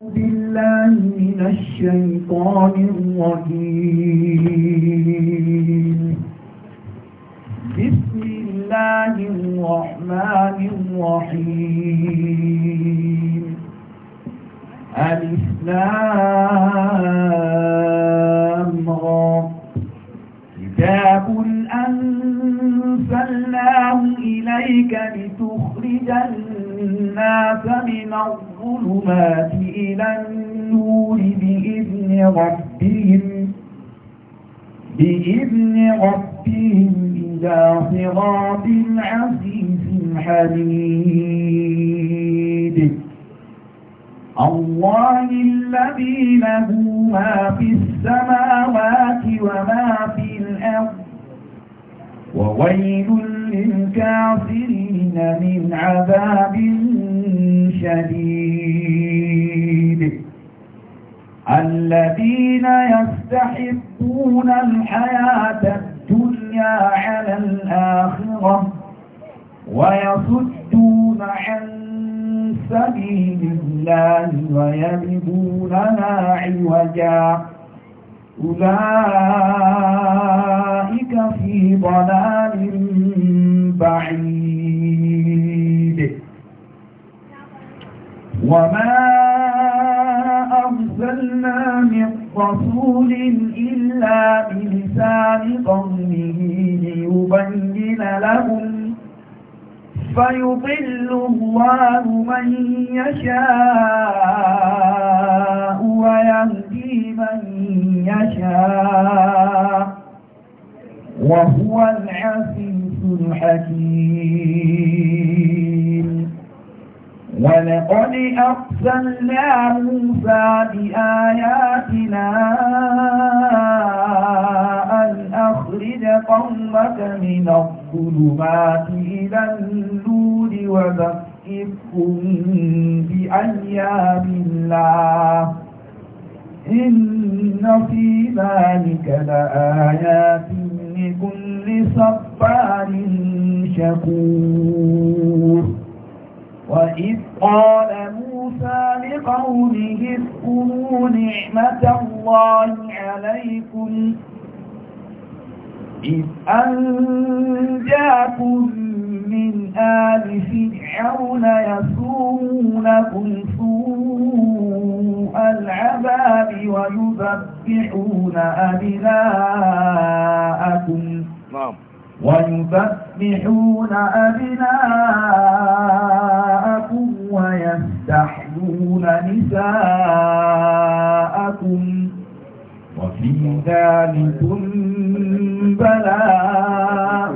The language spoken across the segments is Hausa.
بالله من الشيطان الرجيم بسم الله الرحمن الرحيم الإسلام كتاب أنزلناه إليك لتخرج الناس من الظلم الظلمات إلى النور بإذن ربهم بإذن ربهم إلى صراط عزيز حميد الله الذي له ما في السماوات وما في الأرض وويل للكافرين من عذاب شديد الذين يستحبون الحياة الدنيا على الآخرة ويصدون عن سبيل الله ويبدونها عوجا أولئك في ضلال بعيد وما أرسلنا من رسول إلا بلسان قومه ليبين لهم فيضل الله من يشاء ويهدي من يشاء وهو العزيز الحكيم ولقد أرسلنا موسى بآياتنا أن أخرج قومك من الظلمات إلى النور وذكركم بأيام الله إن في ذلك لآيات لكل صبار شكور وإذ قال موسى لقومه اذكروا نعمة الله عليكم إذ أنجاكم من آل فرعون يسومونكم سوء العذاب ويذبحون أبناءكم نعم ويذبحون أبناءكم ويستحيون نساءكم وفي ذلك بلاء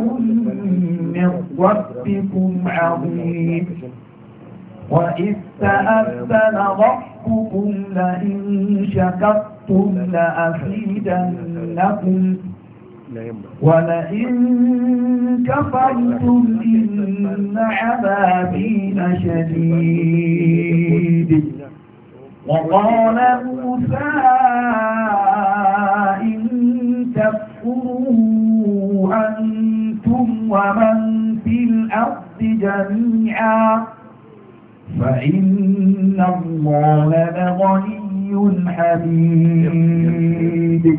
من ربكم عظيم وإذ تأذن ربكم لئن شكرتم لأزيدنكم ولئن كفرتم إن عذابي لشديد وقال موسى إن تكفروا أنتم ومن في الأرض جميعا فإن الله لغني حميد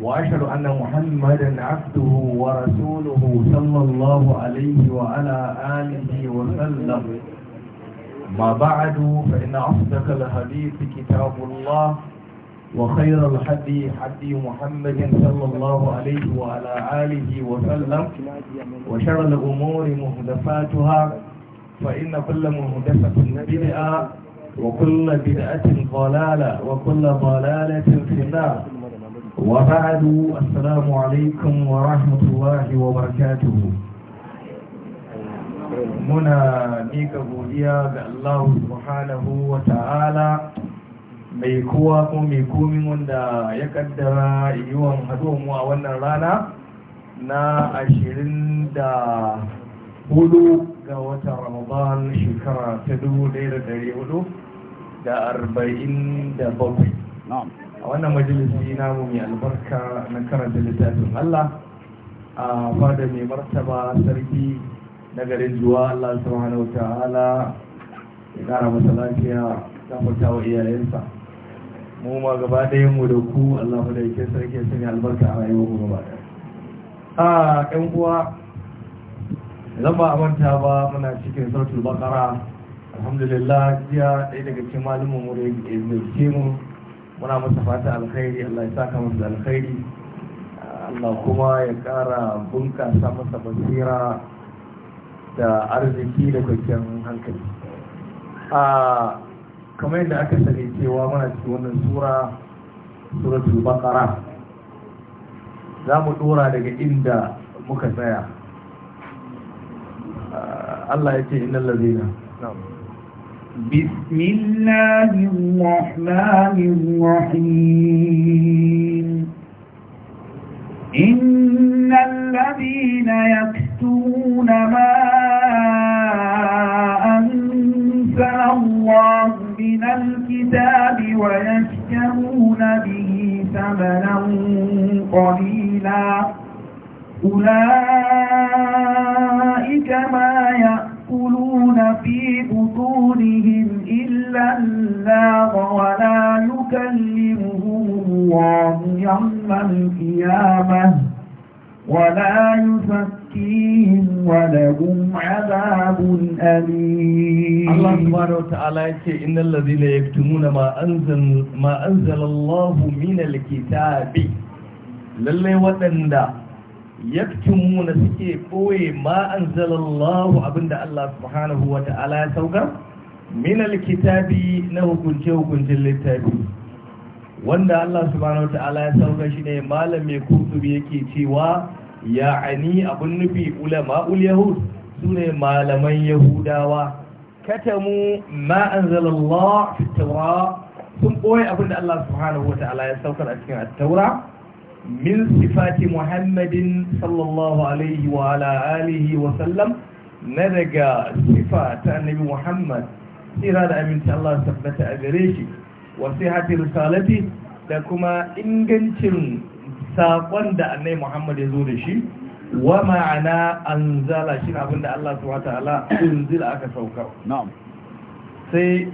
وأشهد أن محمدا عبده ورسوله صلى الله عليه وعلى آله وسلم ما بعد فإن أصدق الحديث كتاب الله وخير الحدي حدي محمد صلى الله عليه وعلى آله وسلم وشر الأمور مهدفاتها فإن كل مهدفة بدعة وكل بدعة ضلالة وكل ضلالة في النار وبعد السلام عليكم ورحمة الله وبركاته muna miƙa godiya ga Allahu subhanahu ta'ala mai kowa ko mai komin wanda ya kaddara yiwon haduwanmu a wannan rana na ashirin da hudu ga wata ramadan shekara ta dubu ɗaya da ɗari hudu da arba'in da bakwai a wannan majalisi namu mai albarka na karanta littafin Allah a fada mai martaba sarki na garin juwa Allah subhanahu wa ta'ala ya kara masa lafiya gafarta wa iyayensa mu ma gaba ɗaya mu da ku Allah da yake sarki ya sanya albarka a rayuwa mu gaba ɗaya a ƴan uwa idan ba a manta ba muna cikin sautul bakara alhamdulillah jiya ɗaya daga cikin malumin mu da ya mu muna masa fata alkhairi Allah ya saka masa alkhairi Allah kuma ya kara bunkasa masa basira da arziki da kwanciyar hankali a kamar yadda aka sani cewa mana cikin wannan sura suratul baqara za mu dora daga inda muka tsaya Allah ya ce inna ladina بسم الله الرحمن الرحيم إن الذين يكتمون ما أنزل الله من الكتاب ويشترون به ثمنا قليلا أولئك ما في بطونهم إلا النار ولا يكلمهم الله يوم القيامة ولا يزكيهم ولهم عذاب أليم الله سبحانه وتعالى إن الذين يكتمون ما أنزل, ما أنزل الله من الكتاب للي وتندى yaktumuna suke boye ma anzalallahu abinda Allah subhanahu wa ta'ala ya saukar min alkitabi na hukunce hukuncin littafi wanda Allah subhanahu wa ta'ala ya saukar shine malam mai kutubi yake cewa ya'ani abun nufi ulama ul yahud sune malaman yahudawa katamu ma anzalallahu fi tawra sun boye abinda Allah subhanahu wa ta'ala ya saukar a cikin at-taura من صفات محمد صلى الله عليه وعلى آله وسلم نرجى صفات النبي محمد إرادة أمين الله ثبت أجريشي وصحة رسالته لكما إنجنتم ساقوان دا أني محمد يزورشي ومعنى أنزل شين أبن دا الله سبحانه وتعالى أنزل أكا سوكا نعم سي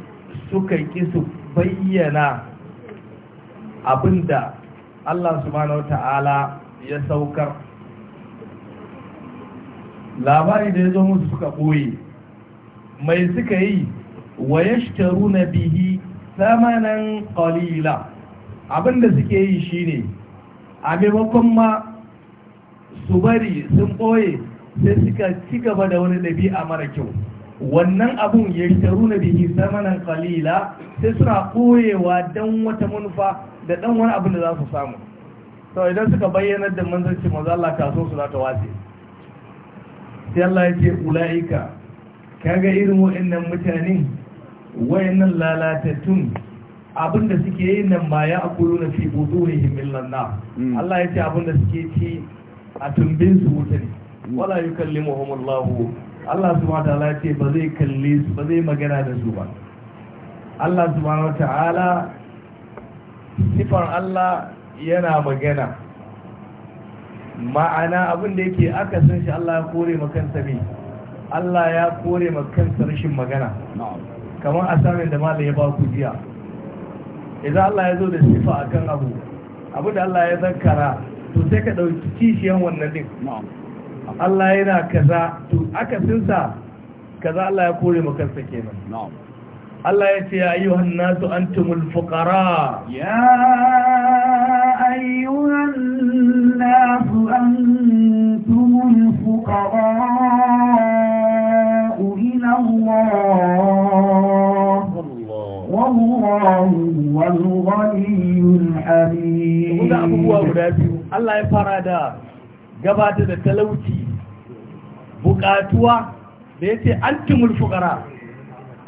سكي كي سبينا أبن دا Allah subhanahu ta'ala ya saukar labari da ya zo musu suka ɓoye mai suka yi wa ya yashtaru na bihi samanan ƙalila, abinda suke yi shine a maimakon ma su bari sun ɓoye sai suka ci gaba da wani ɗabi'a mara kyau wannan abun ya sharu na bihi samanan ƙalila sai suna ɓoyewa don wata manufa da ɗan wani abin da za su samu sau idan suka bayyanar da manzanci maza Allah kaso su za ta wace sai Allah ya ce ula'ika kaga irin wa'annan mutane wa'annan lalatattun da suke yi nan ba ya akulu na fi wani himmin na hmm. Allah ya ce da suke ci a tumbin su wuta ne hmm. wala Muhammadu Allah Allah mata Allah ya ce ba zai kalli su ba zai magana da su ba Allah subhanahu Ta'ala. sifar Allah yana magana ma'ana abin da yake aka san shi Allah ya kore makansa ne Allah ya kore makansa rashin magana kamar a samun da malai ya ba ku jiya idan Allah ya zo da sifa kan abu abu da Allah ya zankara to sai ka ɗauki kishiyan wannan din Allah yana kaza to aka sinsa kaza Allah ya kore makansa kenan nan. الله يا ايها الناس انتم الفقراء يا ايها الناس انتم الفقراء الى الله Allah هو الغني الحميد. gabata da talauci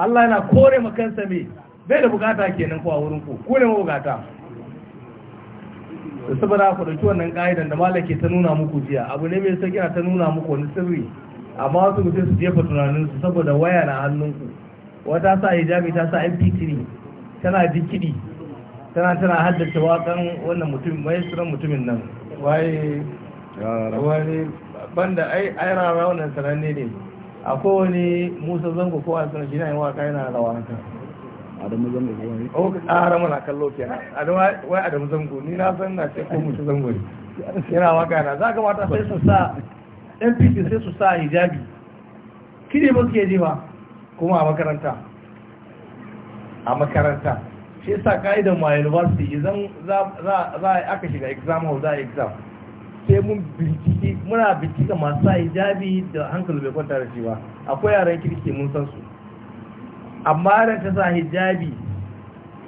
Allah yana kore makansa me bai da bukata kenan ko a wurin ku ku ne bukata da saboda ku dauki wannan ka'idan da malaki ta nuna muku jiya abu ne mai sauki ta nuna muku wani sirri amma wasu ku sai su jefa tunanin su saboda waya na hannunku wata sa hijabi ta sa mp3 tana jikidi tana tana haddace wakan wannan mutum mai sunan mutumin nan waye wani banda ai ai rara wannan sananne ne a kowane musa zango ko a sanar shina yin waka yana rawa haka adamu zango ko wani o oh, adamu na kallo ke wai adamu zango ni na san na ce ko musa zango ne yana waka yana za ka mata sai su sa yan sai su sa hijabi kiri ba su ke ba kuma a makaranta a makaranta shi sa ka'idan ma university idan za a aka shiga exam hall za a exam sai mun bincike muna bincika masu sa hijabi da hankali bai kwanta da shi ba akwai yaran kirki mun san su amma da ta sa hijabi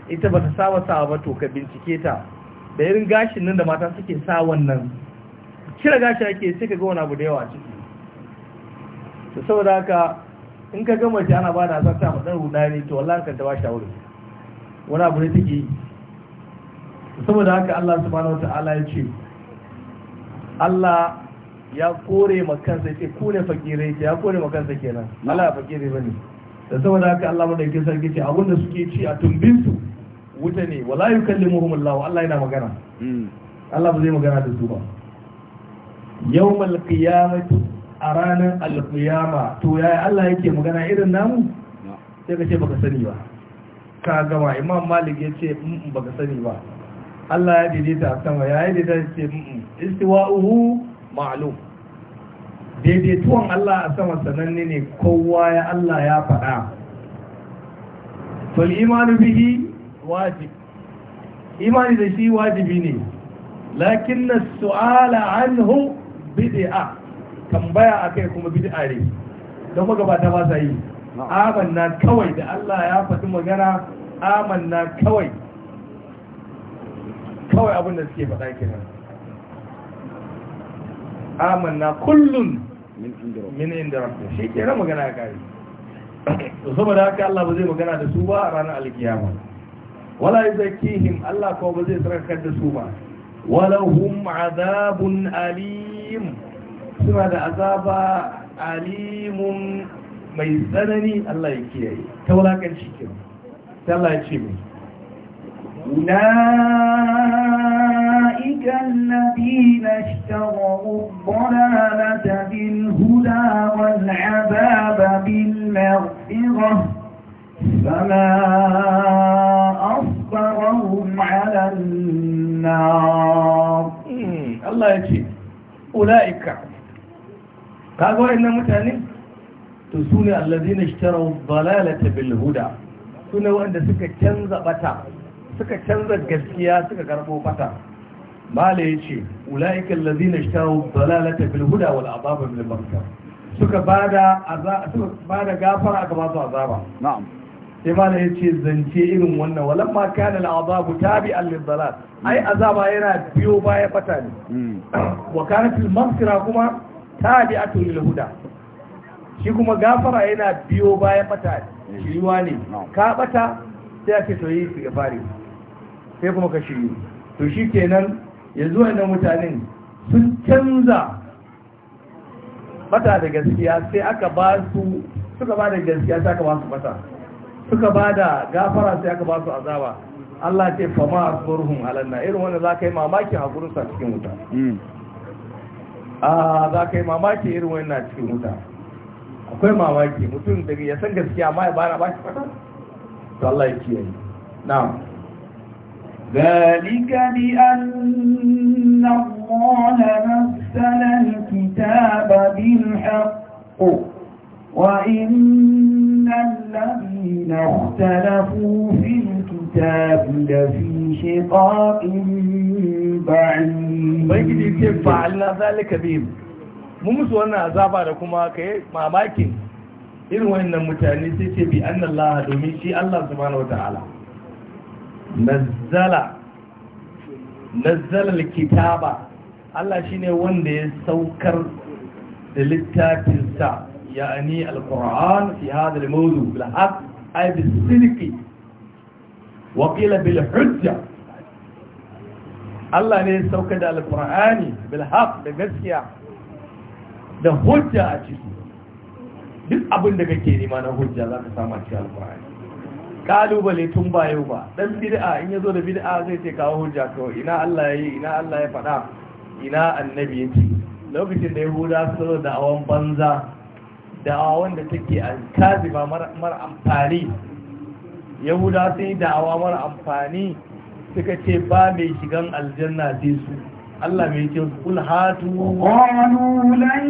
ita ba ta saba sawa ba to ka bincike ta da irin gashin nan da mata suke sa wannan kira gashi ake sai ka ga wani abu da yawa ciki to saboda haka in ka gama shi ana ba da zarta matsayin runa ne to wallahi kan ta ba aure wani abu ne take yi saboda haka Allah subhanahu Ta'ala ya ce Allah ya kore makansa ya ce ku ne fakirai ce ya kore makansa kenan Allah fakirai bane da saboda haka Allah yake sarki ce abunda suke ci a tumbin su wuta ne wala yukallimuhum Allah Allah yana magana hmm. Allah ba zai magana da su ba yawmal qiyamati a ranar alqiyama to yaya Allah yake magana irin namu sai ka ce baka sani ba ka gama imam malik ya ce mm, mm, baka sani ba Allah ya daidaita a sama ya yi daidaita ce mm, mm, istiwa'uhu ma'alum daidaituwan Allah a sama sananne ne kowa ya Allah ya faɗa fal imanu bihi wajib imani da shi wajibi ne lakin na su'ala anhu bid'a tambaya akai kuma bid'a ne don ta ba sa yi amanna kawai da Allah ya faɗi magana amanna kawai kawai abin da suke faɗa kenan amanna kullun min inda rabbi shi kenan magana ga kare to saboda haka Allah ba zai magana da su ba a ranar alkiyama wala yuzakkihim Allah ko ba zai tsarkar da su ba walahum azabun alim suna da azaba alimun mai tsanani Allah ya kiyaye ta wulakan shi kenan sai Allah ya ce mai أولئك الذين اشتروا الضلالة بالهدى والعذاب بالمغفرة فما أصبرهم على النار الله يجيب أولئك قالوا إن متاني تسوني الذين اشتروا الضلالة بالهدى سنة وأن سكة كنزة بتاعه suka canza gaskiya suka karbo fata mala ya ce ula'ikan lazina shtawo dalalata bil huda wal azaba bil marka suka ba da gafara aka masu azaba sai mala ya ce zance irin wannan walamma kana al azabu tabi'an lil dalal ai azaba yana biyo baya fata ne hmm. wa kanat fil marka kuma tabi'atun lil huda shi kuma gafara yana biyo baya fata ne hmm. shiriwa ne ka bata sai ake to yi su gafari sai kuma ka shiryu to shi kenan yanzu wannan mutanen sun canza bata da gaskiya sai aka ba su suka ba da gaskiya sai aka ba su bata suka ba da gafara sai aka ba su azaba Allah ce fama asbarhum alanna irin wanda za ka yi mamaki hakurin sa cikin wuta hmm. a za ka yi mamaki irin wannan cikin wuta akwai mamaki mutum daga ya san gaskiya ma ya bana ba shi fata to Allah ya kiyaye na'am ذلك بأن الله نزل الكتاب بالحق وإن الذين اختلفوا في الكتاب لفي شقاق بعيد بيجي ذلك بهم mun wannan azaba da kuma ka yi mamakin irin wannan mutane sai ce bi annallaha domin shi Allah subhanahu wataala nazzala nazzalar kitaba Allah shi ne wanda ya saukar da littafinsa ya'ani al-Qur'an fi hada al-mawdu bil haqq ay bis sidqi wa qila bil hujja Allah ne ya saukar da al-Qur'ani bil haqq da gaskiya da hujja a ciki duk abin da kake nema na hujja zaka samu a cikin al-Qur'ani kalubale tun ba yau ba dan bid'a in yazo da bid'a zai ce kawo hujja kawai ina Allah yayi ina Allah ya faɗa ina annabi yace lokacin da yahuda su da awan banza da awan da take alkaziba mara amfani yahuda sun yi da'awa mara amfani suka ce ba mai shigan aljanna sai su Allah mai ce kul hatu qalu lan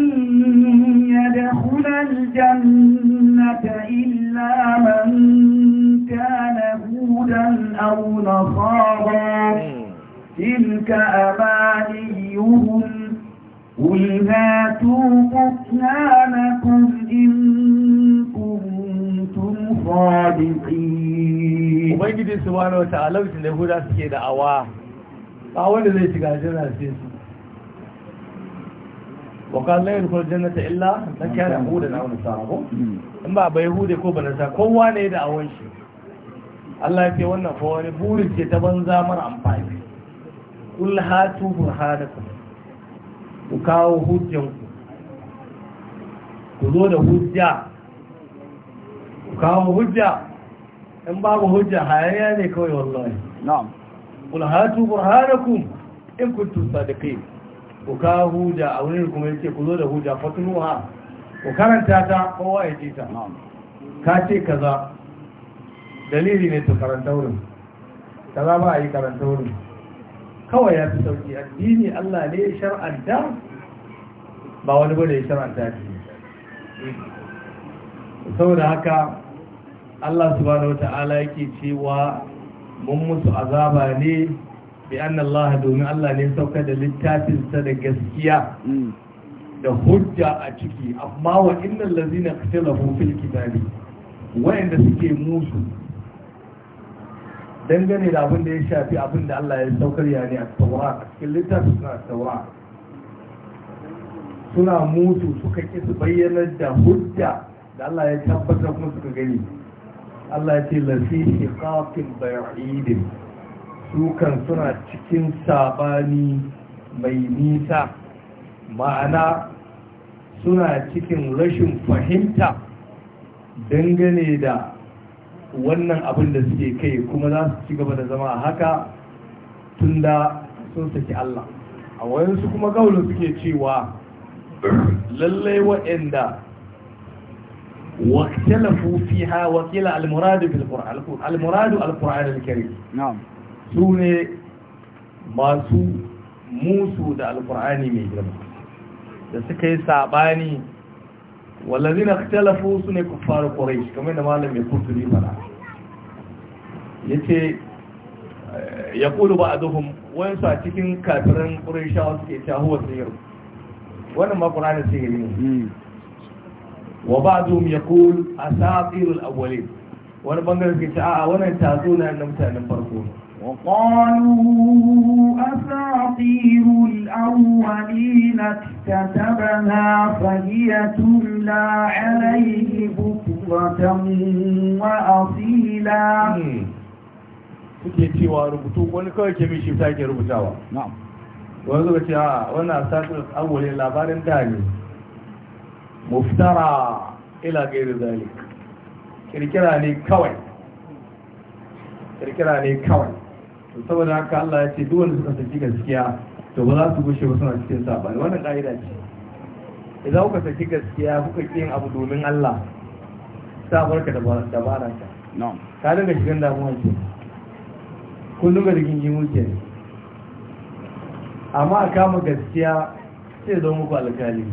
yadkhula aljannata illa man كان هودا أو نصارا تلك أمانيهم قل هاتوا بطلانكم إن كنتم صادقين وبيجي سبحانه وتعالى وتعالى هودا سكيد أواه أولا زي تقاجرها سيسو وقال لا يدخل الجنة إلا من كان هودا أو نصارا إن بقى بيهودي كوبا نصارا كوانا إذا أوانشي Allah ya ce wannan fa wani burin ce ta banza mara amfani kul hatu burhanakum ku kawo hujjanku ku zo da hujja ku kawo hujja in babu hujja hayayya ne kawai wallahi na'am kul hatu burhanakum in kuntum sadiqin ku kawo hujja a wurin kuma yake ku zo da hujja fatuha ku karanta ta kowa ya ji ta ka ce kaza dalili ne to karanta wurin kaza ba a yi karanta wurin kawai ya fi sauki addini Allah ne shar'anta ba wani bane ya shar'anta ne saboda haka Allah subhanahu wata'ala yake cewa mun musu azaba ne bi Allah domin Allah ne sauka da littafinsa da gaskiya da hujja a ciki amma wa innal ladzina ikhtalafu fil kitabi wa'anda suke musu dangane da abin da ya shafi abin da Allah ya saukar ya ne a taura a cikin littafin suna taura suna mutu suka ƙi su bayyanar da hujja da Allah ya tabbatar kuma suka gani Allah ya ce lafi shiqaqin ba'idin su kan suna cikin sabani mai nisa ma'ana suna cikin rashin fahimta dangane da wannan abin da suke kai kuma za su ci gaba da zama a haka tun da sun saki Allah a wayansu kuma gaulu suke cewa lallai waɗanda واختلفوا فيها al-muradu al-qur'an al-karim na'am sune masu musu da alkur'ani mai girma da suka yi sabani wallazi na talafu su ne kuffar quraish kamar da malam ya kurturi fara yace ya kulu ba'dhum wayan su a cikin kafiran quraishawa suke cewa huwa sihir wannan ma qur'ani sihiri ne wa ba'dhum yaqul asatirul awwalin wani bangare suke cewa a wannan tazo na mutanen farko ne وقالوا أساطير الأولين اكتتبها فهي تملى عليه بكرة وأصيلا suke cewa rubutu wani kawai ke shi ta ke rubutawa wani zuwa ce a wannan satin agwale labarin da ne muftara ila gairi zalik kirkira ne kawai kirkira ne kawai to saboda haka Allah ya ce duk wanda suka saki gaskiya to ba za su gushe ba suna cikin sabani wannan ka'ida ce idan kuka saki gaskiya kuka yin abu domin Allah sa barka da dabara ka ka daga shigan damuwa ce kullum ga rigin jimu ce amma a kama gaskiya sai zo muku alkali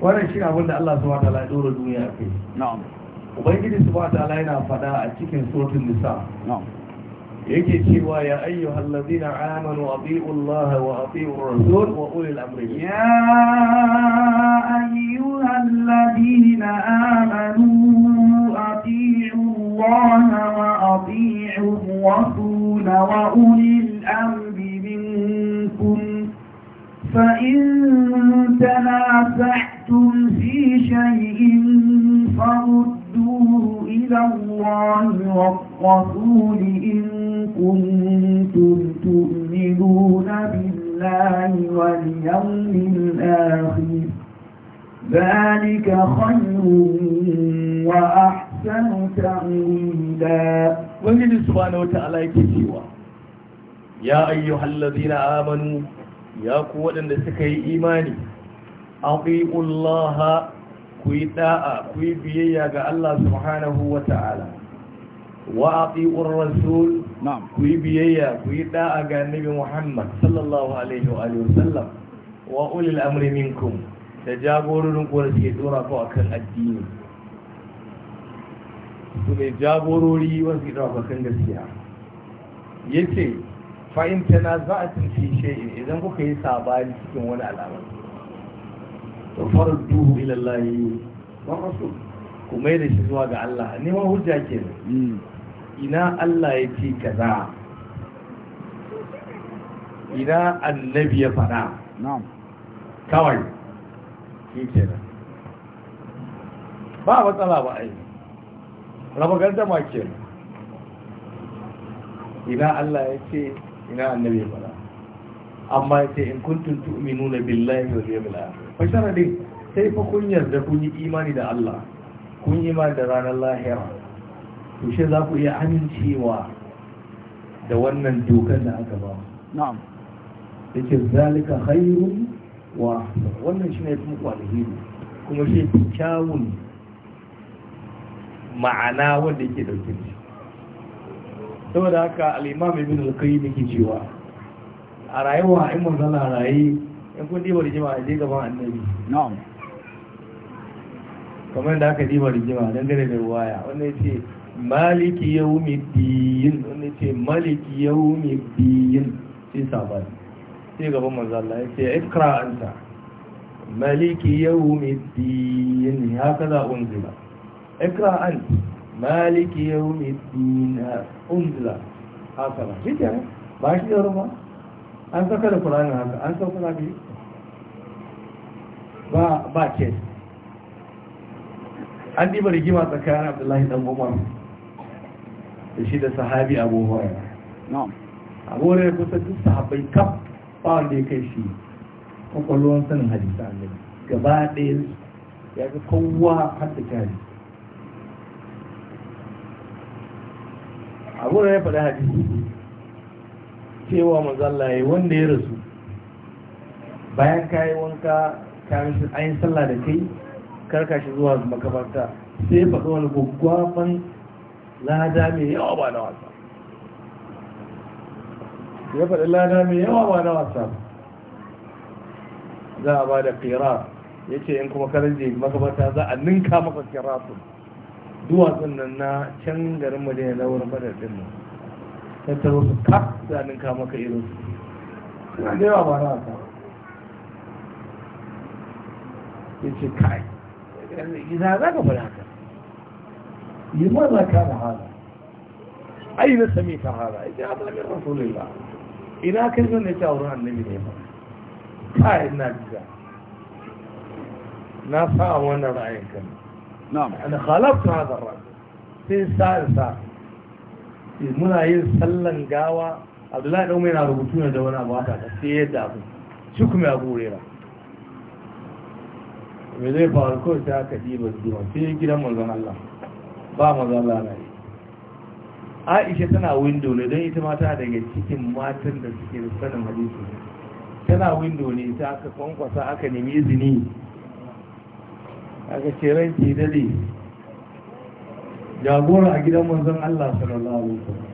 wannan shi abin da Allah subhanahu wataala ya dora duniya kai kai ubangiji subhanahu wataala yana fada a cikin sautin nisa يجي سوى يا أيها الذين آمنوا أطيعوا الله وأطيعوا الرسول وأولي الأمر يا أيها الذين آمنوا أطيعوا الله وأطيعوا الرسول وأولي الأمر منكم فإن تنافحتم في شيء فرد إِلَى اللَّهِ وَالرَّسُولِ إِن كُنتُمْ تُؤْمِنُونَ بِاللَّهِ وَالْيَوْمِ الْآخِرِ ذَلِكَ خَيْرٌ وَأَحْسَنُ تَأْوِيلًا وَإِنَّ سُبْحَانَهُ وَتَعَالَى يَكْتِوَى يَا أَيُّهَا الَّذِينَ آمَنُوا يَا قُوَّةً لَّسَكَيْ إِيمَانِي أَطِيعُوا اللَّهَ ku yi da'a ku yi biyayya ga Allah subhanahu wa ta'ala wa ati'ur rasul ku yi biyayya ku yi da'a ga Nabi Muhammad sallallahu alaihi wa alihi wasallam wa ulil amri minkum da jagororin da suke dora ku akan addini su ne jagorori wasu ke dora ku akan gaskiya yace fa in tanaza'atin fi shay'in idan kuka yi sabani cikin wani al'amari farduhu ila Allah wa rasul kuma da shi zuwa ga Allah neman hujja kenan ina Allah ya ce kaza ina annabi ya faɗa kawai shi kenan ba matsala ba ai raba gardama kenan ina Allah ya ce ina annabi ya faɗa amma ya ce in kuntum tu'minuna billahi wal yawmil akhir fa dai sai fa kun yarda kun yi imani da Allah kun yi imani da ranar lahira to shi za ku iya amincewa da wannan dokar da aka ba na'am yake zalika khairun wa wannan shine yafi muku alheri kuma shi kyawun ma'ana wanda yake dauke da shi saboda haka al-imam ibn al-qayyim yake cewa a rayuwa in zana rayi in kun ɗiba rigima a gaban annabi kamar da aka ɗiba rigima dangane da waya wanda ya ce maliki yau mai biyin wanda ya ce maliki yau mai biyin sai sabon sai gaban manzala ya ce ikra an ta maliki yau mai biyin ya kaza unzila ikra an maliki yau mai biyin unzila haka ba shi ba shi yaro ba an saka da kuranin haka an sauka na biyu ba ke. an diba rigima tsakanin abdullahi dan umar da shi da sahabi abu hurairah na'am ya kusa duk sahabai kaf ba wanda ya kai shi kwakwalwar sanin hadisa ne gaba ɗaya ya ga kowa har da kari abu ya faɗi hadisi cewa mazalla ya wanda ya rasu bayan kayi wanka ta ayin sallah da kai karka shi zuwa makabarta sai faɗo wani gwaggwaban lada mai yawa ba na wasa ya faɗi lada mai yawa ba na wasa za a ba da kira ya ce in kuma karar je makabarta za a ninka maka kira su duwatsun nan na can garin madina na wurin madadin din nan tattaro su kaf za a ninka maka irin su da wa ba na wasa ya ce kai za za ka faɗa haka yi ma za ka da hada ai na sami ta hada ya ce a zagar rasulullah ina kai zan da ya wurin annabi ne ba kai na jiza na sa a wannan ra'ayin kan na'am ana khalafta hada ra'ayi sai sa sa muna yin sallan gawa abdullahi ɗan mai na rubutu ne da wani abu haka sai yadda abu shi kuma ya burera me zai faru kawai sai ba ɗiba kiwon sai gidan manzon Allah ba manzon Allah na Aisha tana window ne don ita mata daga cikin matan da suke da sanin hadisi tana window ne ta aka kwankwasa aka nemi izini aka ce ran ki dade jagora a gidan manzon Allah sallallahu alaihi wasallam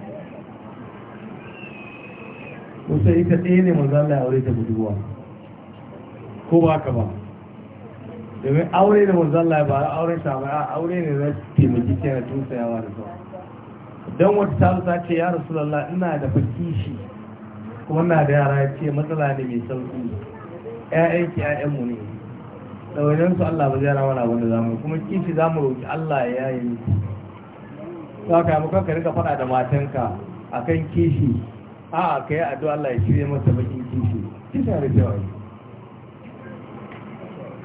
kusa ita ɗaya ne manzon Allah ya aure ta budurwa ko ba ka ba domin aure da manzalla ba aure ta aure ne na taimaki ke na tusayawa da zuwa don wata ta ta ce ya rasu lalla ina da shi kuma na da yara ya ce matsala ne mai sauki ƴaƴan ki ƴaƴan mu ne wajen su Allah ba zai rama na wanda zamu kuma kishi za mu roƙi Allah ya yayi Su ka yi ka rika faɗa da matanka akan kishi a'a kai addu'a Allah ya shirye masa bakin kishi kisa da cewa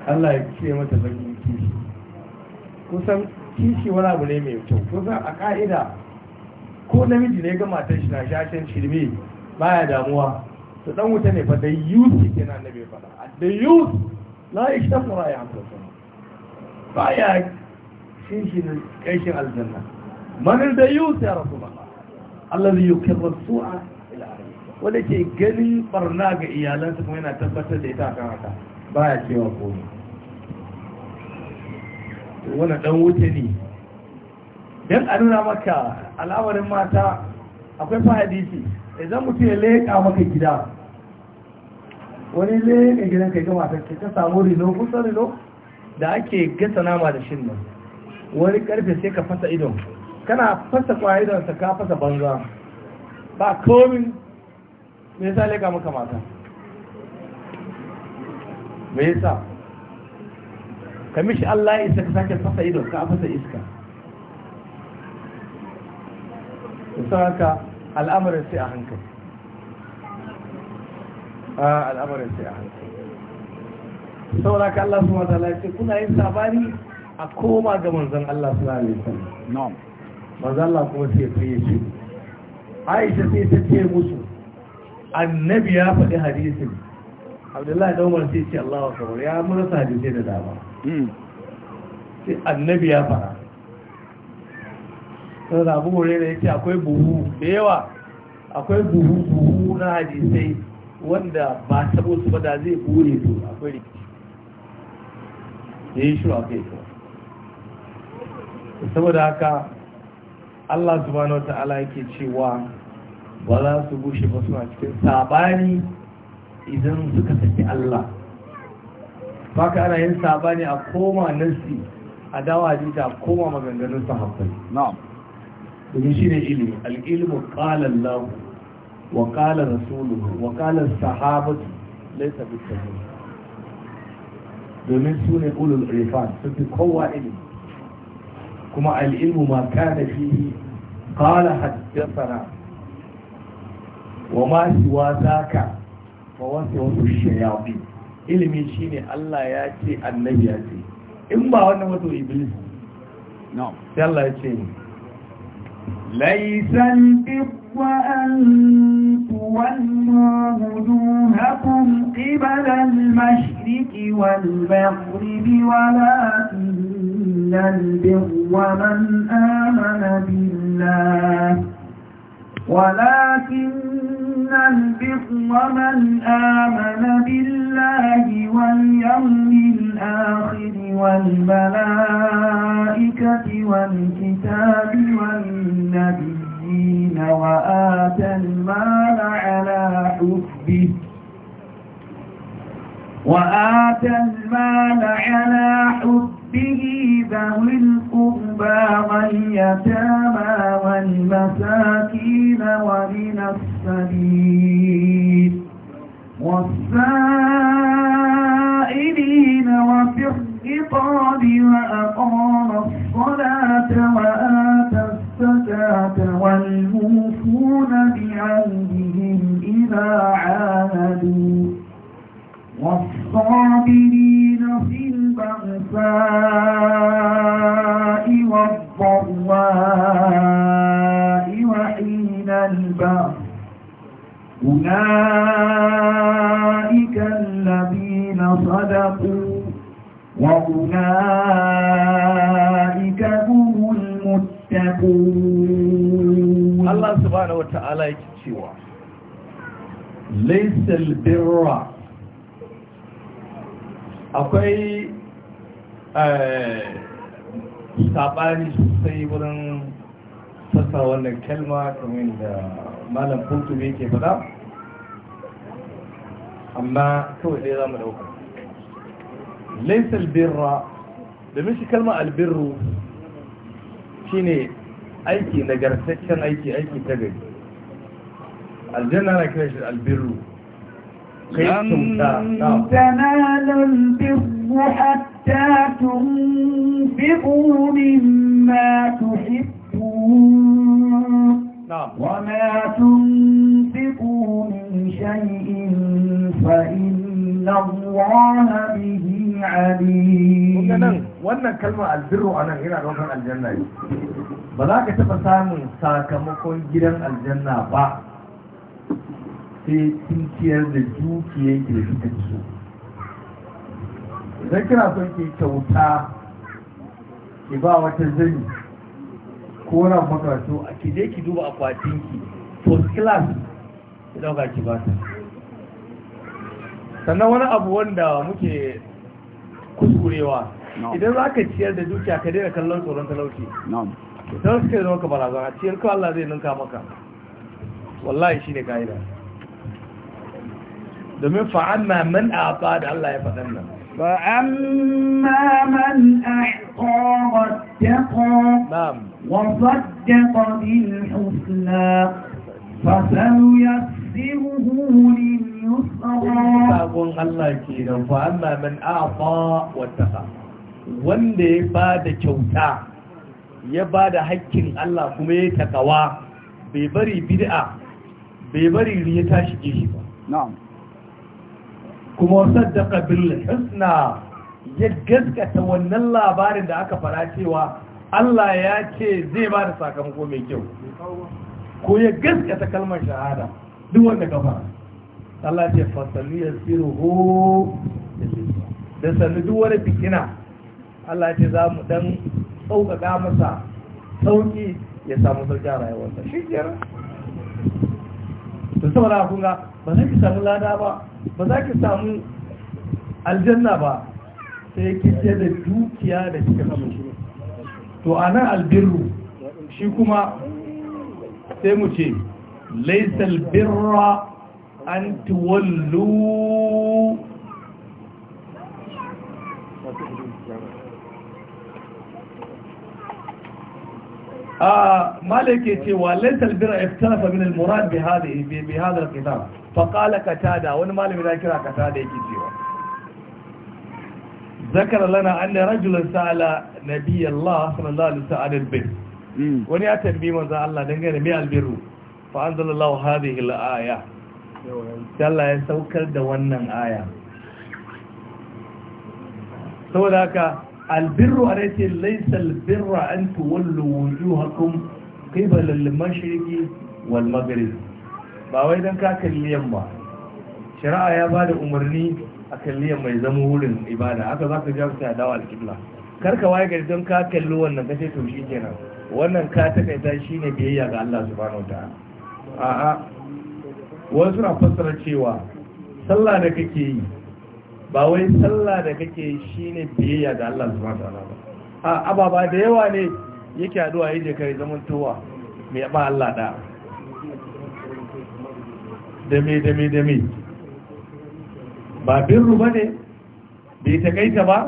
Allah ya ce mata bakin kishi kusan kishi wani abu ne mai kyau kusan a ka'ida ko namiji ne ga matan shi na shashen shirme baya damuwa to dan wuta ne fa da yusi kina bai fada da yusi la yashtafu ya amsa baya kishi ne kaishin aljanna man da yusi ya Allah allazi yukirru su'a ila ahli wanda ke ganin barna ga iyalansa kuma yana tabbatar da ita akan haka baya cewa komai wani dan wuce ne don a nuna maka al'amarin mata akwai fa hadisi idan mutum ya leƙa maka gida wani leƙa gidan kai ga matar ka samu rino kusan rino da ake gasa nama da shin nan wani karfe sai ka fasa idon kana fasa kwaya sa ka fasa banza ba komin me yasa leƙa maka mata me yasa ka mishi Allah ya isa ka sake fasa ido ka fasa iska sa haka al'amarin sai a hankali A al'amarin sai a hankali saboda ka Allah su mata lafi kuna yin sabari a koma ga manzan Allah su lalai sani manzan Allah kuma sai fiye ce aisha sai ta ce musu annabi ya faɗi hadisin abdullahi ɗaumar sai ce Allah wa kamar ya murasa hadisai da dama Hmm. sai annabi ya fara sai rabu hore da ce akwai buhu da yawa akwai buhu buhu na hadisai wanda ba sabo su ba da zai bure to akwai rikici ya yi shiru akwai to saboda haka Allah subhanahu ta'ala yake cewa ba za su bushe ba suna cikin sabani idan suka tafi Allah Ba ka ana yin sabani a koma nasi a dawa hadisi a koma maganganun sahabbai na'am domin ne ilimi al-ilmu qala wa qala rasuluhu wa qala sahabatu laysa bitabun domin su ne ulul rifat sun fi kowa ilimi kuma al-ilmu ma kana fihi qala haddathana wa ma shi siwa zaka wa wasu wasu shayatin ilimi ne Allah ya ce annabi ya ce in ba wannan wato iblis no sai Allah ya ce laysal birru an tuwallu wujuhakum qibala al-mashriqi wal-maghribi walakinna al-birra man amana billah ولكن البطل من آمن بالله واليوم الآخر والملائكة والكتاب والنبيين وآتى المال على حبه وآتى المال على حبه ذوي القربى واليتامى والمساكين ومن السبيل والسائلين وفي الرقاب وأقام الصلاة وآتى الزكاة والموفون بعهدهم إذا عاهدوا والصابرين في البأساء والضراء وحين البأس أولئك الذين صدقوا وأولئك هم المتقون الله سبحانه وتعالى يتشوى ليس البر akwai eh, saɓani sosai wurin sassa wannan kalma kamar da malam kurtubi ke faɗa amma kawai dai za mu ɗauka laisa albirra domin shi kalma albirru shine aiki nagartaccen aiki aiki ta gari aljanna na kira shi albirru لن تنالوا البر حتى تنفقوا مما تحبون وما تنفقوا من شيء فإن الله به عليم wannan kalmar albirru a nan yana ɗaukar aljanna ne ba za ka taɓa samun sakamakon gidan aljanna ba sai kin ciyar da dukiyar ki da su idan kina son ki kyauta ki ba wata zani ko na so a ki je ki duba akwatin ki first class ki dauka ki ba ta sannan wani abu wanda muke kuskurewa idan za ka ciyar da dukiya ka daina kallon tsoron talauci wasu ka zama ka barazana ciyar ka Allah zai ninka maka wallahi shi ne ga'ida domin fa'amma man a da Allah ya faɗan nan فأما من أحقى واتقى وصدق بالحسنى فسنيسره لليسرى فأقول wanda ya ba da kyauta ya ba da haƙƙin Allah kuma ya takawa bai bari bid'a bai bari tashi shi ba kuma saddaka bil husna ya gaskata wannan labarin da aka fara cewa Allah ya ce zai ba da sakamako mai kyau ko ya gaskata kalmar shahada duk wanda ka fara Allah ce fasalli yasiruhu da sannu duk wani fitina Allah ce za mu dan sauƙaƙa masa sauƙi ya samu sauƙi a rayuwarsa shi kenan to saboda kun kunga. ba za ki samu lada ba ba za ki samu aljanna ba sai ki ce da dukiya da kika samu to a nan albirru shi kuma sai mu ce laisal birra an tuwallu مالك يتوى ليس البر اختلف من المراد بهذه بهذا الكتاب فقال كتادا وان مالك ذا كتادا يتوى ذكر لنا أن رجل سأل نبي الله صلى الله عليه وسلم عن البر وني أتنبي من ذا الله دنجل مي البر فأنزل الله هذه الآية سألا يسوكر دوانا آية سوى ذاك albirru a rai ce laisa albirra an tuwallo wujuhakum qibala al-mashriqi wal ba wai don ka kalli yamma shari'a ya da umarni a kalli mai zama wurin ibada haka zaka ja ka dawo al-qibla karka waye gari don ka kalli wannan kace to shi kenan wannan ka shi shine biyayya ga Allah subhanahu wataala a'a wasu na fassara cewa sallah da kake yi ba wai sallah da kake shine biyayya da Allah subhanahu wataala ba a ababa da yawa ne yake addu'a yaje kai zaman towa mai ba Allah da dame dame dame ba birru bane bai takaita ba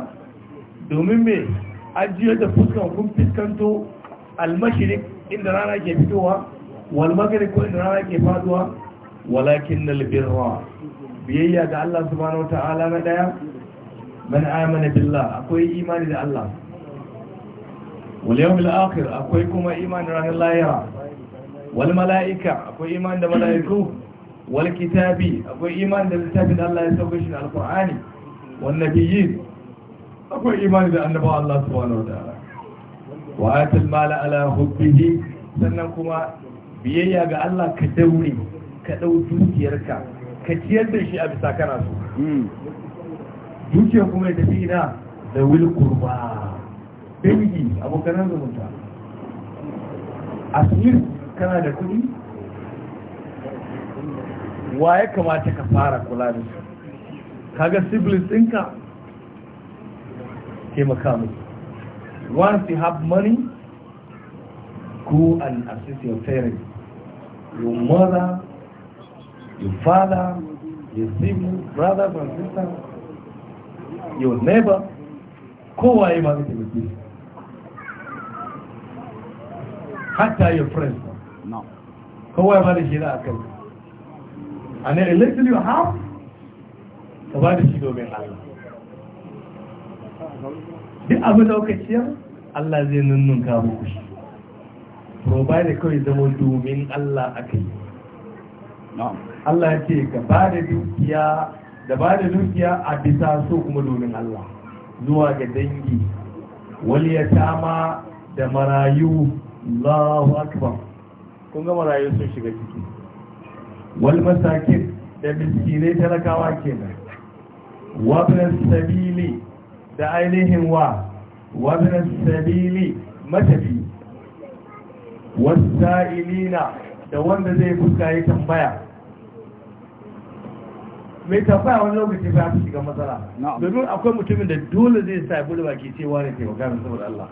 domin me ajiyar da fuskan kun fuskanto almashirik inda rana ke fitowa wal maghrib ko inda rana ke faduwa walakin albirra biyayya ga Allah subhanahu wata'ala na daya man amana billah akwai imani da Allah wal yawmil akhir akwai kuma imani ranar lahira wal mala'ika akwai imani da mala'iku wal kitabi akwai imani da littafin da Allah ya sauke shi da alqur'ani wan nabiyyin akwai imani da annabawa Allah subhanahu wata'ala wa atal mala ala hubbihi sannan kuma biyayya ga Allah ka daure ka dau dukiyarka ka ciyar shi a bisa kana so hmm. dukiyar kuma ya tafi da wil kurba dangi abokanan zumunta asir kana da kudi wa ya kamata ka fara kula da su kaga siblings ɗinka taimaka mai once you have money go and assist your parents your mother your father, your sibling, brothers and sisters, your neighbor, kowaye ma zai taimake Hata your friends kowaye ma da shi na akan and then elected you have ka ba shi domin Allah duk abin ciyar Allah zai nunnunka muku shi provided kawai zama domin Allah aka yi Allah ya ce ka ba da dukiya da ba da dukiya a bisa so kuma domin Allah zuwa ga dangi wali ya tama da marayu Allahu akbar kun ga marayu sun shiga ciki wal masakin da miskinai talakawa kenan wa sabili da ainihin wa wa sabili matafi wasa'ilina da wanda zai fuska ya tambaya mai tambaya wani lokaci ba su shiga matsala domin akwai mutumin da dole zai sa bude baki cewa ne taimaka mai saboda Allah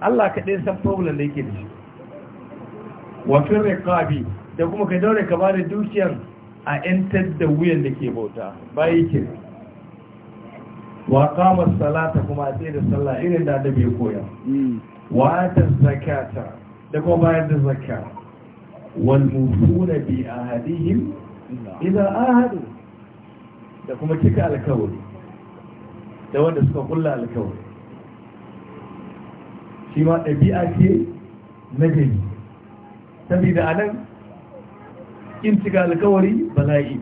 Allah kaɗai san problem da yake da shi wato rikabi da kuma ka daure ka bada dukiyar a yantar da wuyan da ke bauta Ba yi ke wa kama salata kuma a da sallah irin da da bai koya hmm. wa ta zakata da kuma bayar da zakata والوفور بآهدهم إذا آهدوا da kuma cika alkawari da wanda suka kulla alkawari Shima ma ɗabi'a ce na gari saboda anan in cika alkawari bala'i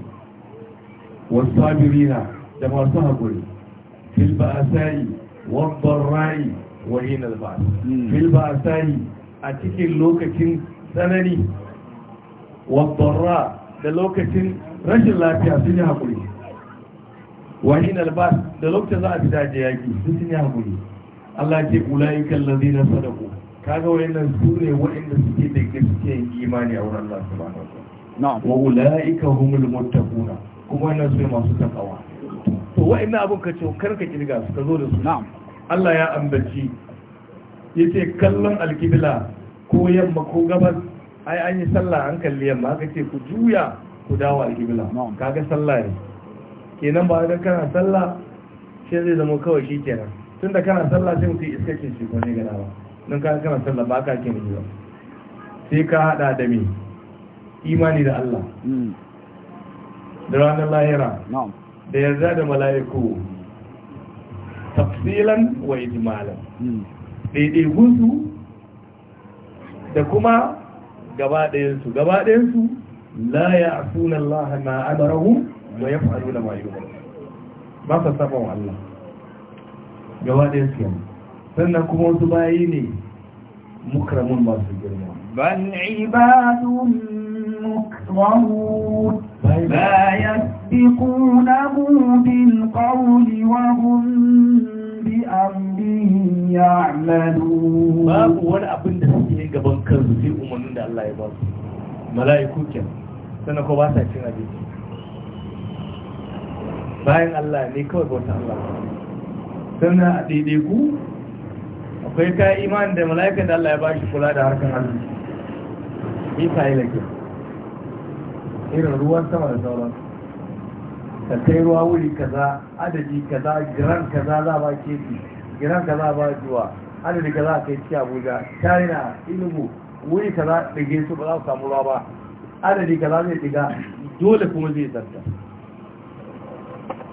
wasu abirina da masu haƙuri filba'asari wabban ra'i wahin hmm. a cikin lokacin tsanani wadda da lokacin rashin lafiya sun yi haƙuri wahin albas da lokacin za a fi daji yaƙi sun yi haƙuri Allah ce yi kallazi na sadaku kaga nan su ne waɗanda suke da gaskiyan imani a wurin Allah subhanahu wa ta'ala wa ulaika humul muttaquna kuma wannan su masu takawa to wayannan abun ka ce ka kirga su ka zo da su na'am Allah ya ambaci yace kallon alkibla ko yamma ko gabas ai an yi sallah an kalli yamma aka ce ku juya ku dawo alƙibla kaga sallah ne kenan ba idan kana sallah shi zai zama kawai shi kenan tun da kana sallah sai mutum iska ke shi kone gana ba don kana kana sallah ba ka kenan ba sai ka hada da me imani da Allah hmm. da ranar lahira da yarda da mala'iku tafsilan wa ijmalan hmm. daidai gusu da kuma gaba ɗayan la ya ɗayan Allah na amarahu Allah ma ya wa da ma yu'marun ba sa saba wa Allah gaba yana sannan kuma wasu bayi ne mukramun masu girma bal ibadun mukramun la yasbiqunahu kuna qawli wa hum بأمرهم يعملون باب وانا أبن دسيه cin abinci. bayan Allah ne kawai bauta Allah sannan a ku? akwai kayan imanin da mala'ikan da Allah ya bashi kula da harkar arziki Ni fa'ilake irin ruwan sama da sauransu ka kai ruwa wuri kaza adadi kaza giran kaza za ba ke kefi giran kaza ba zuwa, adadi kaza kai ci abuja china ilimu, wuri kaza dage su ba za su samu ruwa ba adadi kaza zai diga dole kuma zai zarta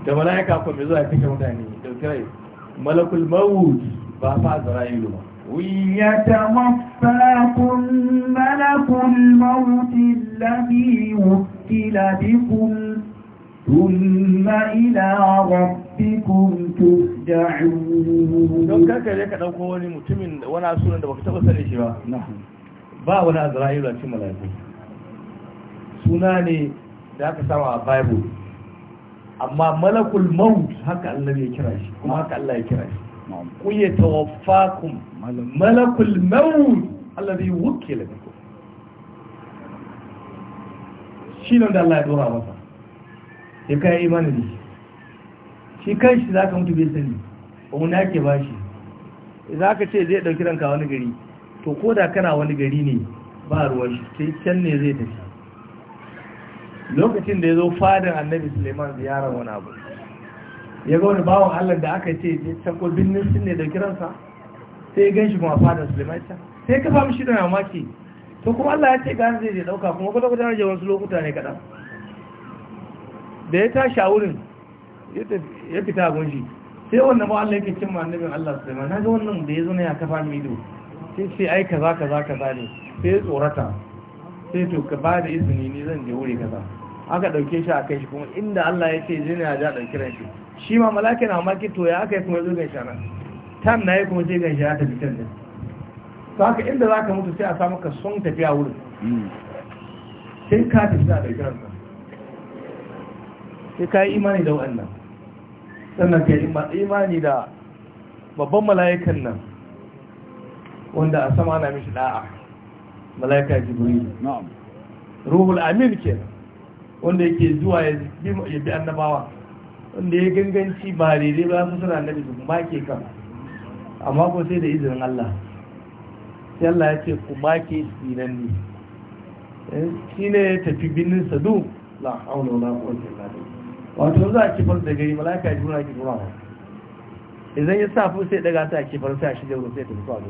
da mala'ika ko mai zuwa kashe mutane da kai malakul mawud ba fa zara'ilu ba ويتوفاكم ملك الموت الذي وكل بكم ثم إلى ربكم ترجعون don karka je ka dauko wani mutumin wani asunan da baka taba sani shi ba ba wani azra'ilu a cikin malaiku suna ne da aka samu a bible amma malakul maut haka Allah ya kira shi kuma haka Allah ya kira shi kun ya tawaffakum malakul maut alladhi wukila bikum shi ne da Allah ya dora masa sai ka yi da shi shi kan shi za ka mutu bai sani umuna ke ba shi za ka ce zai ɗauki ranka wani gari to ko da kana wani gari ne ba ruwan shi sai can ne zai tafi lokacin da ya zo fadin annabi suleiman ziyarar wani abu ya ga wani bawan allah da aka ce ta tako birnin sun ne ɗauki ransa sai ya gan shi kuma fadin suleiman can sai ka famu shi da mamaki to kuma allah ya ce gani zai zai ɗauka kuma kwata-kwata na je wasu lokuta ne kaɗan da ya tashi a wurin ya fita a gunshi sai wannan ba'an laifin cin annabin Allah na ga wannan da ya zuna ya kafa mi sai sai ai kaza kaza kaza ne sai ya tsorata sai to ka ba da izini ne zan je wuri kaza aka dauke shi a kai shi kuma inda Allah ya ce zina ya ja dauki ran shi shi ma malaka na maki to ya aka yi kuma zo ga shara tam na yi kuma sai ga shi ya tafi can din to haka inda zaka mutu sai a samu ka son tafiya wurin hmm. sai ka tafi da dauki ranka sai ka yi imani da wannan sannan ka yi imani da babban mala'ikan nan wanda a sama na mishi da'a mala'ika jibril ruhul amin ke wanda yake zuwa ya bi annabawa wanda ya ganganci ba daidai ba su suna annabi su ba ke kan amma ko sai da izinin Allah sai Allah ya ce ku ba ke sinan ne eh, shi ne ya tafi binin sadu la haula wala quwwata illa billah wato za a kifar da gari mala'ika ya mura ki tura wa idan ya sa fi sai daga ta kifar sai a shirya wurin sai ta fi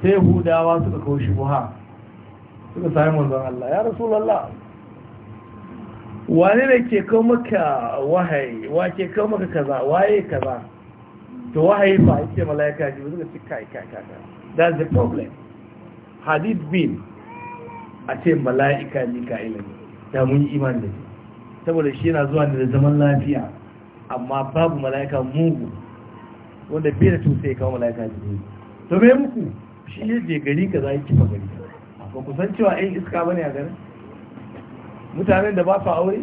a sai hudawa suka kawo shi buha suka sami manzon Allah ya lalla wani ne ke kawo maka wahayi wa ke kawo maka kaza waye kaza to wahayi ba ce mala'ika ji suka ci kai kai kai that's the problem hadith bin a ce mala'ika ni ka ilimi da mun yi imani da shi saboda shi yana zuwa da zaman lafiya amma babu mala'ika mugu wanda bai da tusa ya kawo mala'ika ne. to me muku shi ya da gari ka za yi kifa gari ba ku san cewa yan iska ne a gari mutanen da ba su aure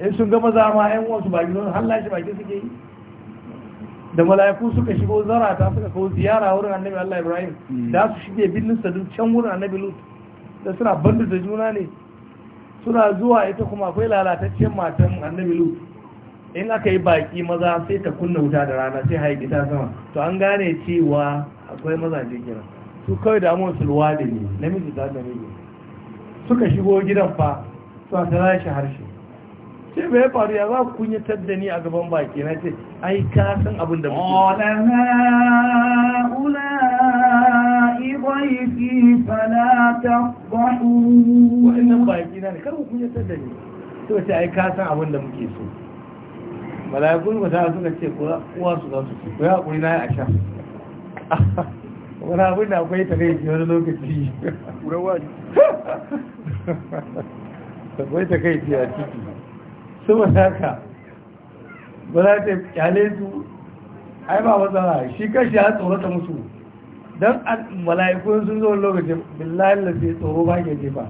in sun ga maza ma 'yan wasu baki sun hallashi baki suke yi da mala'iku suka shigo ta suka kawo ziyara wurin annabi Allah Ibrahim hmm. da su shige birnin sadu can wurin annabi Lut da suna bandu da juna ne suna zuwa ita kuma akwai lalataccen matan annabi lut in aka yi baki maza sai ta kunna wuta da rana sai haiki ta sama to an gane cewa akwai mazaje kira su kawai da amon sulwa da ne namiji da namiji suka shigo gidan fa su a tara shi harshe sai bai faru ya za ku kunyatar da ni a gaban baki na ce ai ka abin da muke ضيفي فلا تفضحون وإنما ضيفينا كانوا كنت تدني سوى تعي كاسا أولا مكيسو mala'ikun ba ta suka ce kuwa su za su ce kuwa kuri na ya a sha wani abin da akwai takai ke wani lokaci rawa ne akwai takai a ciki su ba za ka ba za su ai ba matsala shi kashi ya tsorata musu don mala'ikun sun zo lokacin billahi lafi tsoro ba ke jefa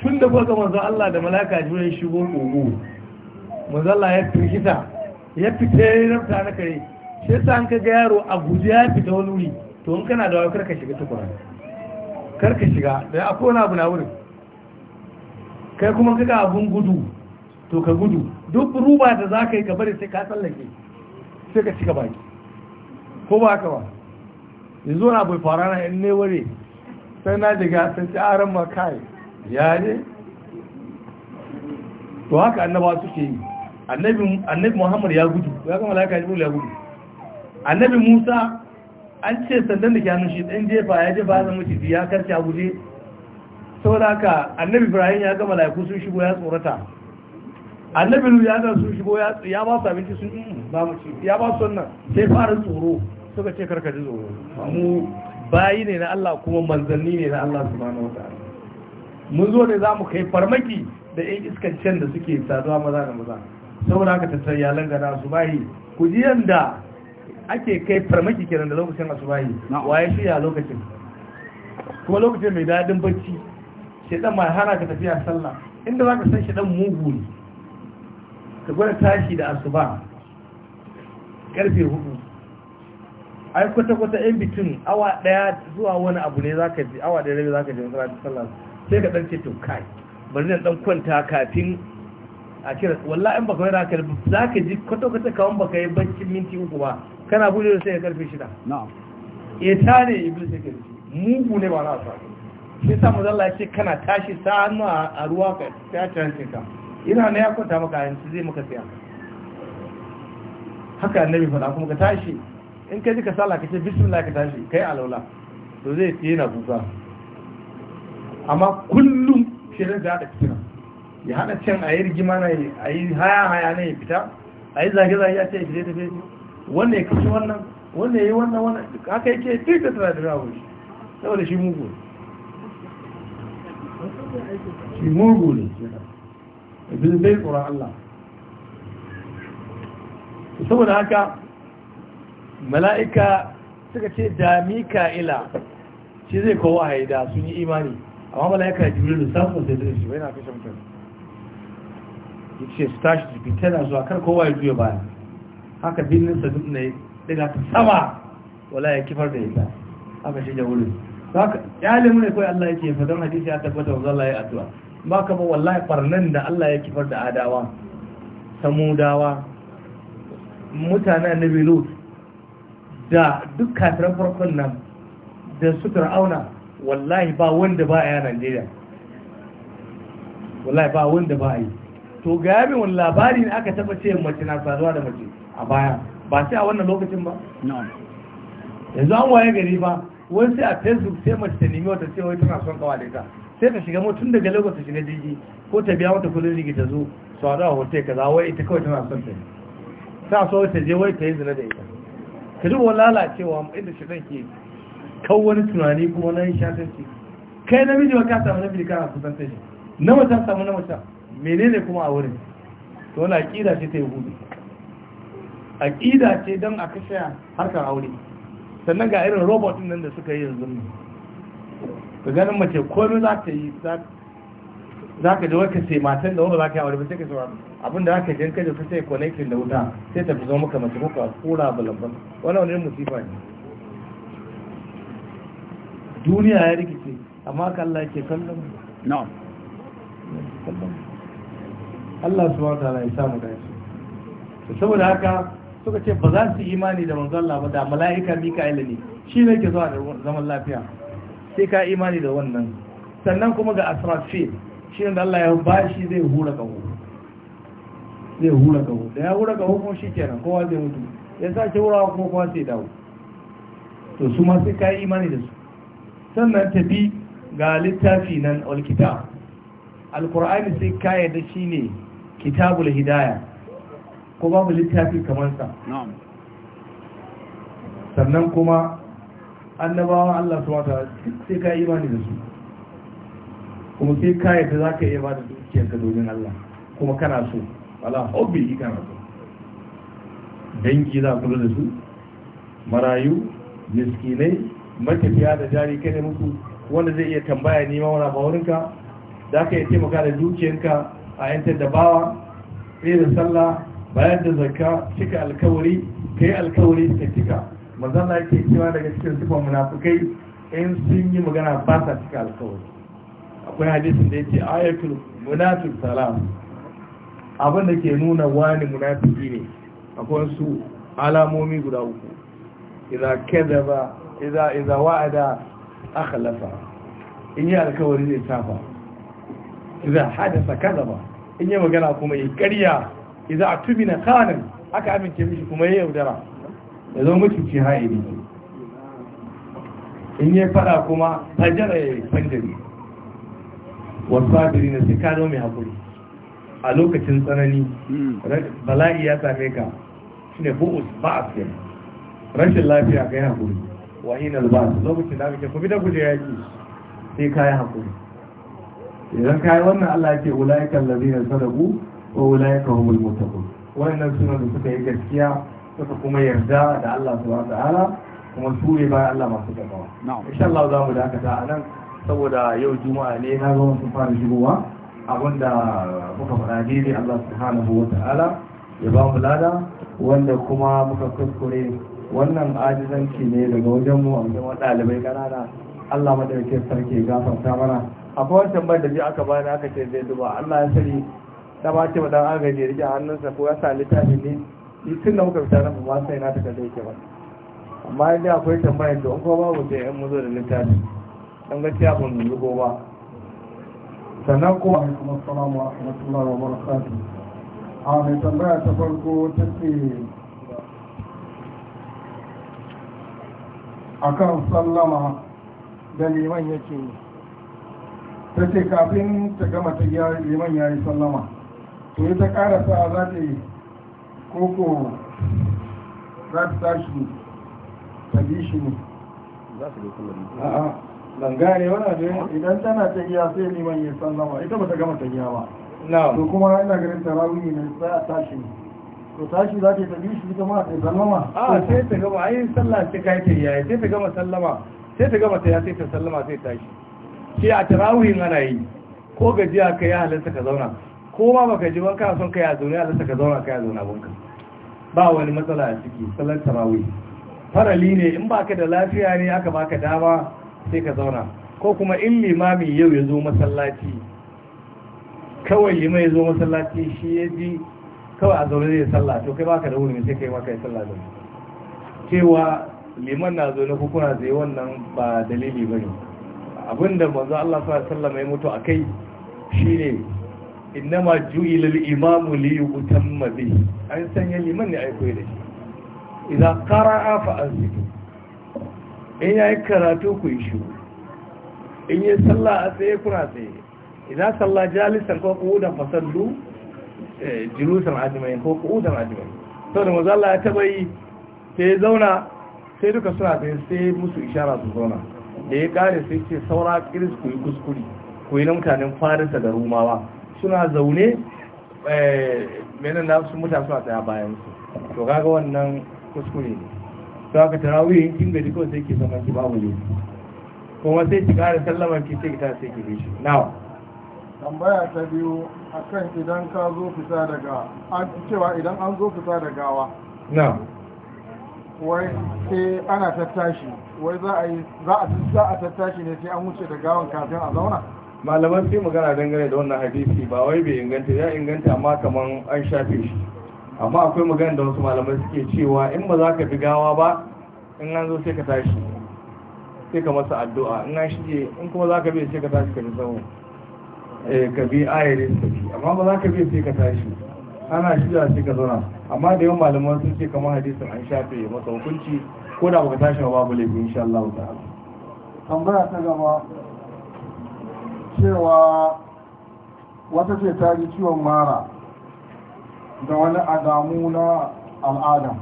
tun da kuka manzo Allah da mala'ika jiwa ya shigo kogo manzo Allah ya firkita ya fita ya rafta na kare shi yasa an kaga yaro a guje ya fita wani wuri to in kana da wayo karka shiga Kar karka shiga da akwai wani abu na wurin kai kuma ga abun gudu to ka gudu duk ruba da za ka yi ka bari sai ka tsallake sai ka cika baki ko ba haka ba yanzu wani abu fara na yan neware sai na daga sai ci aran makai ya ne to haka annaba suke yi annabi muhammad ya gudu ya kama laika jibril ya gudu annabi musa an ce sandan da ke hannun shi ɗan jefa ya jefa ya zama ciki ya karce a guje saboda haka annabi ibrahim ya gama laiku sun shigo ya tsorata annabi ya gama sun shigo ya ba su abinci sun ba hmm, mu ci ya ba su wannan sai fara tsoro suka ce karka ji tsoro mu bayi ne na Allah kuma manzanni ne na Allah subhanahu wataala mun zo ne zamu kai farmaki da yan iskancen da suke saduwa maza da maza saboda haka tattar yalan gana su bayi ku ji yanda ake kai farmaki kenan da lokacin asubahi waye shirya lokacin kuma lokacin mai dadin bacci shedan mai hana ka tafiya sallah inda zaka san shedan mugu ne ka gwada tashi da asuba karfe hudu ai kwata-kwata yan between awa daya zuwa wani abu ne za ka ji awa daya rabi za ka ji masalacin sallah sai ka ɗan ce to kai bari na ɗan kwanta kafin a kira walla in baka yana kalbi za ka ji kwata-kwata kawon baka yi bakin minti uku ba kana buɗe sai ya karfe shida ta ne iblis ya karfi mugu ne ba na sa shi sa mazalla ya ce kana tashi sa hannu a ruwa ka ta cancin ka ina ne ya kwanta maka yanzu zai maka siya haka annabi faɗa kuma ka tashi in ka ji ka sala ka ce bismillah ka tashi kai alaula to zai ce yana kuka amma kullum ne da haɗa fitina ya haɗa can a yi rigima na a yi haya haya ne ya fita a yi zage-zage a ce ya fita tafi wannan ya kashi wannan wannan ya yi wannan wannan haka yake duk da tara da rahu shi saboda shi mugu shi mugu ne ibn bai tsoron Allah saboda haka mala'ika suka ce da mika'ila shi zai kowa haida sun yi imani amma mala'ika jibril samun sai zai shi bai na kashe mutane ya ce su tashi jikin tana zuwa kar kowa ya juya baya haka birnin sa duk ne daga ta sama wala ya kifar da ita haka shi da wurin haka yalin ne kawai Allah yake fadon hadisi ya tabbata wa Allah ya addu'a ba ka ba wallahi farnan da Allah ya kifar da adawa samudawa mutanen nabi lut da duk kafiran farkon nan da su auna wallahi ba wanda ba a yi a Najeriya wallahi ba wanda ba a yi to ga yamin wani labari ne aka taba ce mace na saduwa da mace a baya ba sai a wannan lokacin ba yanzu an waye gari ba wani sai a facebook sai mace ta nemi wata cewa tana son kawa da ita sai ta shiga mutum daga lagos shi shiga jirgi ko ta biya mata kudin jirgi ta zo su haɗu a hotel kaza wai ita kawai tana son ta sa so ta je wai ta yi zina da ita ka duba lalacewa inda shi ke kawo wani tunani kuma na yi shatanci kai namiji ba ka samu namiji kana kusantar shi na mutum samu na mutum menene kuma a wurin to wani aƙida ce ta yi hudu aƙida ce don a kashe harkar aure sannan ga irin robot nan da suka yi yanzu ne ka ganin mace komi za ta yi za ka ji wai ka matan da wanda za ka yi aure ba sai ka saurara da haka jin kaje su sai connecting da wuta sai ta zo zama maka mace kuka kura balamban wani wani musifa ne duniya ya rikice amma ka Allah yake kallon na'am Allah subhanahu wataala ya mu dace saboda haka suka ce ba za su yi imani da manzon Allah ba da mala'ika Mika'il ne shi ne ke zuwa da zaman lafiya sai ka imani da wannan sannan kuma ga asrafil shi ne da Allah ya bashi zai hura kawo zai hura kaho da ya hura kaho kuma shi kenan kowa zai mutu ya sa sace wurawa kuma kowa sai dawo to su ma sai kayi imani da su sannan tafi ga littafi nan alkita alkur'ani sai da shi ne kitabul hidaya ko babu littafi kamar sa sannan kuma annabawa Allah su wata sai kayi imani da su kuma sai kayi da za ka iya ba da dukiyarka domin Allah kuma kana so wala hobbi yi kana so dangi za ku da su marayu miskinai matafiya da jari kai ne musu wanda zai iya tambaya neman wani maurinka za ka iya taimaka da dukiyarka a yantar da bawa da sallah bayan da zakka cika alkawari kai alkawari suka cika na yake cewa daga cikin sifan munafukai in sun yi magana ba sa cika alkawari akwai hadisin da yake ayatul munatul salam abin da ke nuna wani munafiki ne akwai su alamomi guda uku Iza kadaba ba iza wa'ada akhlafa in yi alkawari zai tafa iza hadasa ba in yi magana kuma yi a tubi na kanin aka amince mishi kuma ya yaudara ya zama mutunci ha'ili in yi fada kuma fajara ya yi fanjari wasu fadiri na sai kano mai haƙuri a lokacin tsanani hmm. bala'i ya same ka shi ne bu'us ba'as ya rashin lafiya kai hakuri wa hina albas lokacin da ake kuma da guje yaki sai yi hakuri idan ka yi wannan Allah yake ulaika allazina sadaqu wa ulaika humul muttaqun wannan suna da suka yi gaskiya suka kuma yarda da Allah su wa ta'ala kuma su ne bayan Allah masu gaba. Insha Allah za mu dakata a nan saboda yau juma'a ne na zama sun fara shigowa. abinda muka faɗa jiri Allah subhanahu wa ta'ala ya ba mu lada wanda kuma muka kuskure wannan ajizanci ne daga wajen mu a wajen ɗalibai ƙanana Allah madaukakin sarki gafarta mana akwai wani tambayar da ji aka bani aka ce zai duba Allah ya sani da ba ce madan agaji ya rike hannunsa ko ya sa littafi ne ni tun da muka fita na ba sai na taka dai ke ba amma inda akwai tambayar da in ko babu sai in mu zo da littafi dan gaskiya ban zugo ba sannan kuma alaikum assalamu wa rahmatullahi wa barakatuh a mai tambaya ta farko ta ce akan sallama da liman yake ta ce kafin ta gama ta liman ya yi sallama to yi ta karasa za ta yi koko za ta tashi ta bi shi ne za ta bi kuma ban gane wani abu idan tana ta iya sai liman ya sallama ita ba ta gama ta iya ba to kuma ina ganin tarawih ne sai a tashi to tashi za ta tafi shi ita ma ta sallama a sai ta gama ai sallah ce kai ta iya sai ta gama sallama sai ta gama ta yi sai ta sallama sai tashi shi a tarawih ana yi ko gajiya ka yi halatta ka zauna ko ma baka ji banka son ka yi a zaune halatta ka zauna ka yi a zaune banka ba wani matsala a ciki sallar tarawih farali ne in ba ka da lafiya ne aka baka dama sai ka zauna ko kuma in limami yau ya zo masallaci kawai yi ya zo masallaci shi ya ji kawai a zaune zai sallah to kai baka da wuri sai kai maka ya sallah da cewa liman na zo na hukuna zai wannan ba dalili ba ne abinda manzo Allah sallallahu ya mutu a kai shine innama ju'ila al-imamu li yutamma bihi an sanya liman ne aiko da shi idan qara'a fa ansitu in ya yi karatu ku yi shi in yi sallah a tsaye kuna tsaye idan sallah jalisan ko kudan fasallu eh, jirusar ajimai ko kudan ajimai sau da mazala ya taba yi sai ya zauna sai duka suna tsaye sai musu ishara su zauna da ya kare sai ce saura kiris ku yi kuskuri ku yi na mutanen farisa da rumawa suna zaune eh, menin nasu mutane suna tsaye bayan su to kaga wannan kuskure ne to aka tarawih kin gari kawai sai ke zama ki babu ne kuma sai ki ƙara sallama ki sai ki ta sai ki bi shi now tambaya ta biyu akan idan ka zo fita daga an cewa idan an zo fita da gawa na wai sai ana tattashi wai za a yi za a za a tattashi ne sai an wuce da gawan kafin a zauna malaman sai magana dangane da wannan hadisi ba wai bai inganta ya inganta amma kaman an shafe shi amma akwai magana da wasu malamai suke cewa in ba za ka bigawa gawa ba in an zo sai ka tashi sai ka masa addu'a in an shige in kuma za ka bi sai ka tashi ka bi tsawo eh, ka bi ayarin tafi amma ba za ka bi sai ka tashi ana shiga sai ka zauna amma da yawan malaman sun ce kamar hadisin an shafe masa hukunci ko da baka tashi babu laifi insha Allah ta'ala tambaya ta gaba cewa wata ce ta ji ciwon mara da wani adamu na al'ada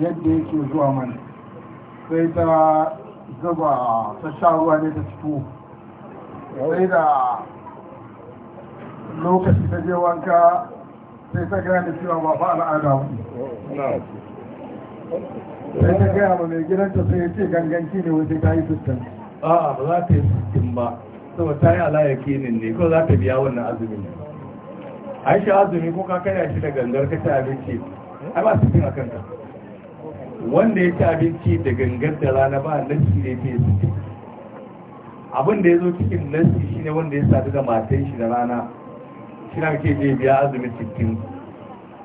yadda yake zuwa mana sai ta zuba ta sha ruwa ne ta fito sai da lokaci ta je wanka sai ta gane cewa ba fa al'ada sai ta gaya ba mai gidanta sai ce ganganci ne wajen ta yi fuskan a'a ba za ta yi fuskin ba saboda ta yi ala yakinin ne ko za ta biya wannan azumin ne Aisha shi azumi ko ka karya shi da gangar ka ci abinci ai ba su cin a kanta wanda ya ci abinci da gangar da rana ba nassi ne fiye su ci abin da ya zo cikin nassi ne wanda ya sadu da matan shi da rana shi na ke je biya azumi cikin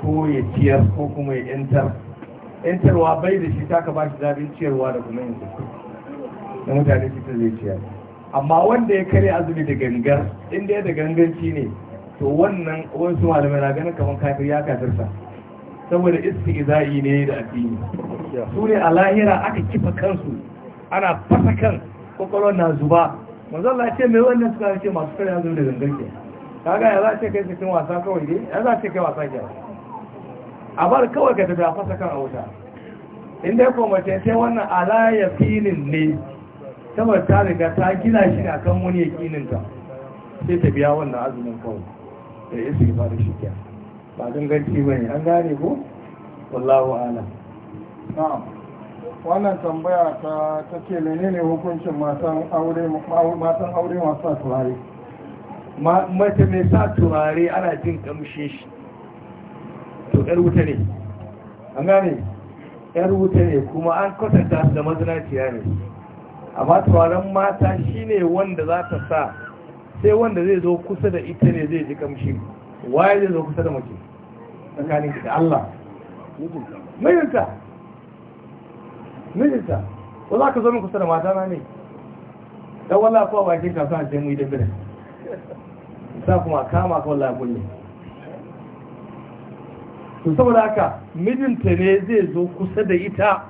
ko ya ciyar ko kuma ya yantar yantarwa bai da shi ta ka ba shi zabin ciyarwa da kuma yin na mutane cikin zai ciyar amma wanda ya karya azumi da gangar inda ya da ganganci ne to wannan wasu malamai na ganin kamar kafir ya kafirsa saboda istiza'i ne da addini su ne a lahira aka kifa kansu ana fasa kan kwakwalwa na zuba manzo Allah ce mai wannan suka ce masu kare yanzu da zangarke kaga ya za ce kai cikin wasa kawai ne ya za ce kai wasa ke a bar kawai ka tafi a fasa kan a wuta inda ya koma ce sai wannan ala yaqinin ne saboda ta riga ta gina shi akan wani ya yaqininta sai ta biya wannan azumin kawai da ya su faru shi kya ba ganci ba ne an gane ko wallahu ala na'am wannan tambaya ta take menene hukuncin matan aure matan aure masu turare mace mai sa turare ana jin kamshin shi to yar wuta ne an gane yar wuta ne kuma an kwatanta da mazinaciya ne amma turaren mata shine wanda za ta sa sai wanda zai zo kusa da ita ne zai ji kamshi waye zai zo kusa da mace tsakanin da Allah mijinta mijinta ko za ka zo min kusa da mata na ne dan wallahi ko bakin ka san sai mu yi dabira sai kuma kama ka wallahi kulle to saboda haka mijinta ne zai zo kusa da ita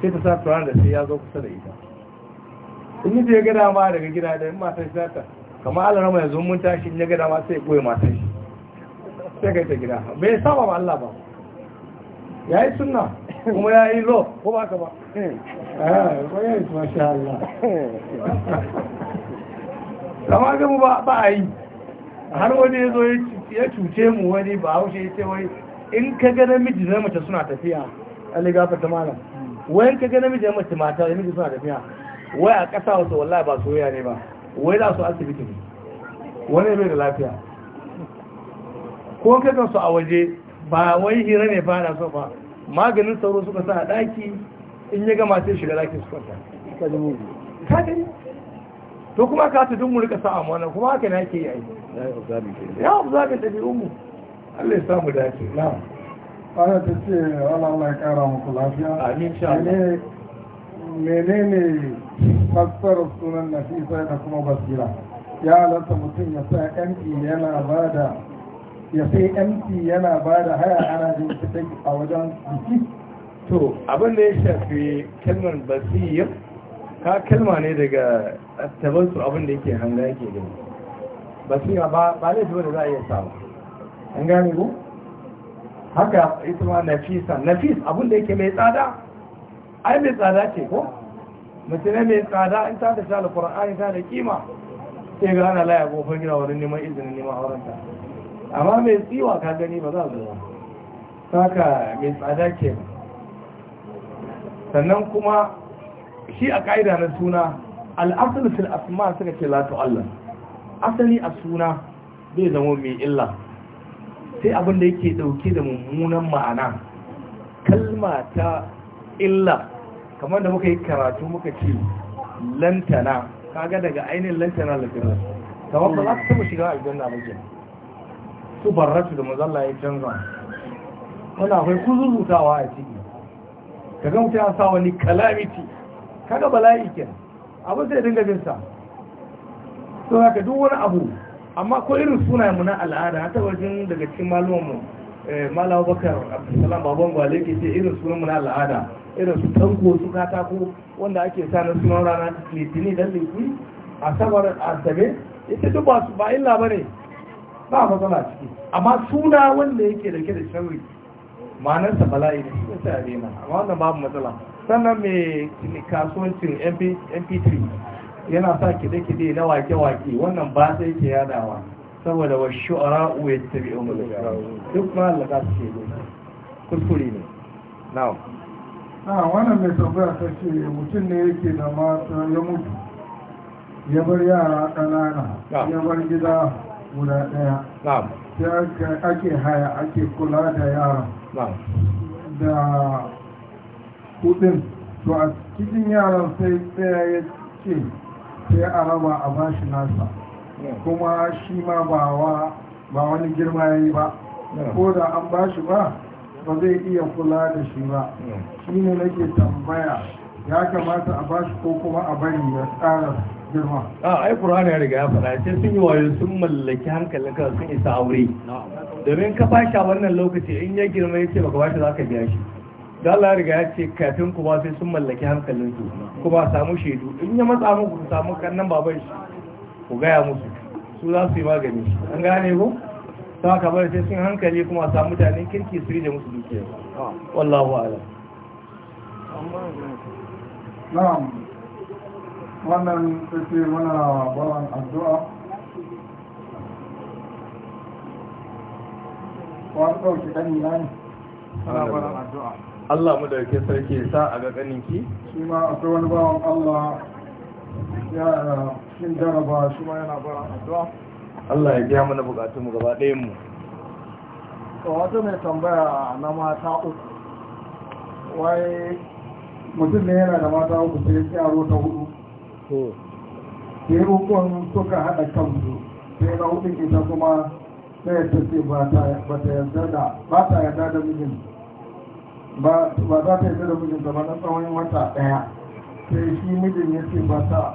sai ta sa turan da sai ya zo kusa da ita in ya ga dama daga gida da yin matan shi zata kama alarama mai mun tashi in ya ga dama sai ɓoye matan shi sai kai ta gida bai saba ba Allah ba ya yi suna kuma ya yi lo ko ba ka ba eh, eh, masha Allah kama ga mu ba a yi har wani ya zo ya cuce mu wani ba haushe ya ce wai in ka ga namiji na mace suna tafiya an ligafa ta malam hmm. wayan ka ga namiji na mace mata da miji suna tafiya wai a ƙasa wasu wallahi ba soyayya ne ba wai za su asibiti ne wani bai da lafiya ko kakan su a waje ba wai hira ne ba da so ba maganin sauro suka sa a ɗaki in ya gama sai shiga ɗakin su kwanta ka gani to kuma ka ta dun mu rika sa'a mana kuma haka na ke yi aiki ya obzabin ɗabi'un mu Allah ya samu dace na ana ta ce Allah Allah ya kara muku lafiya amin sha Allah menene fassarar sunan nafisa da kuma basira ya halatta mutum ya sa mp yana ba da ya sai mp yana ba da haya ana jin kiɗa a wajen biki to abin da ya shafi kalmar basir ka kalma ne daga tabbatu abin da yake hanga yake da basira ba ba ne wanda za a iya samu an gane ku haka ita ma nafisa nafis abin da yake mai tsada ai mai tsada ce ko mutum mai tsada in ta da shalu qur'ani ta da kima sai ga ana laya ko gina wurin neman izinin neman ta amma mai tsiwa ka gani ba za su ba saka mai tsada ke sannan kuma shi a ƙa'ida na suna al'asul fil asma suka ce latu Allah asali a suna bai zama mai illa sai abin da yake dauke da mummunan ma'ana kalma ta illa kamar da muka yi karatu muka ce lantana kaga daga ainihin lantana da firar kamar ba za su taba shiga aljanna ba ke su barratu da mazalla ya canza wanda akwai kuzuzutawa a ciki ka ga mutu ya sa wani kalamiti kaga bala'i ke abin sai dinga bin sa so haka duk wani abu amma ko irin sunayen mu na al'ada ta wajen daga cikin malumanmu eh, malawa bakar abdulsalam babban gwale ke ce irin sunan mu na al'ada irin su tanko su katako wanda ake sa na sunan rana litini don litini a samar asabe ita duk ba su ba illa ne ba matsala ciki amma suna wanda yake da ke da sharri ma'anarsa bala'i ne shi sai a daina amma wannan babu matsala sannan mai kasuwancin mp3 yana sa kide-kide na wake-wake wannan ba sai ke yadawa saboda wa shu'ara uwe tabi'un duk ma su ke kuskure ne na'am a ah, wannan mai tambaya ta ce mutum ne yake da mata ya mutu ya bar yara ƙanana ya bar gida guda ɗaya sai ake haya ake kula da yara da kudin to a cikin yaran sai tsaya ya ce sai a raba a bashi nasa kuma shi ma ba wani girma ya yi ba ko da an bashi ba ba zai iya kula da shi ba shi ne nake tambaya ya kamata a bashi ko kuma a bari ya tsara girma a ai qur'ani ya riga ya faɗa sai sun yi wayo sun mallaki hankalin ka sun isa aure domin ka bashi a wannan lokaci in ya girma yace baka bashi zaka biya shi da Allah riga ya ce kafin ba sai sun mallaki hankalin su kuma samu shaidu in ya matsa muku ku samu kannan baban shi ku gaya musu su za su yi magani an gane ko ta haka bari sai sun hankali kuma samu mutanen kirki su da musu dukiya wallahu ala na'am wannan take mana bawan addu'a wani ɗauki ɗani na ne ana bawan addu'a Allah mu dauke sarki sa a ga ganinki shi ma akwai wani bawan Allah ya shin jaraba shi ma yana baran addu'a Allah ya biya mana bukatunmu gaba ɗayan mu to wata mai tambaya na mata uku wai mutum ne yana da mata uku sai ya yaro ta hudu sai rukun suka haɗa kansu sai na hudun ita kuma sai ta ce ba ta yarda da ba ta da mijin ba za ta yarda da mijin ba na tsawon wata ɗaya sai shi mijin ya ce ba ta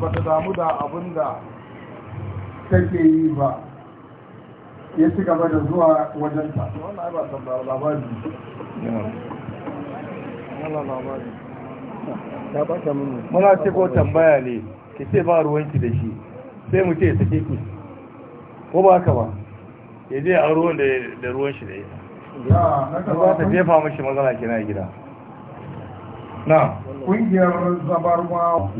ba ta damu da abin da take yi ba ya ci gaba da zuwa wajenta muna ce ko tambaya ne ki ce ba ruwanki da shi sai mu ce ya ke ki ko ba ka ba ya je a ruwan da ruwan shi da ya za ta jefa mashi matsala kina gida na ƙungiyar zabarwa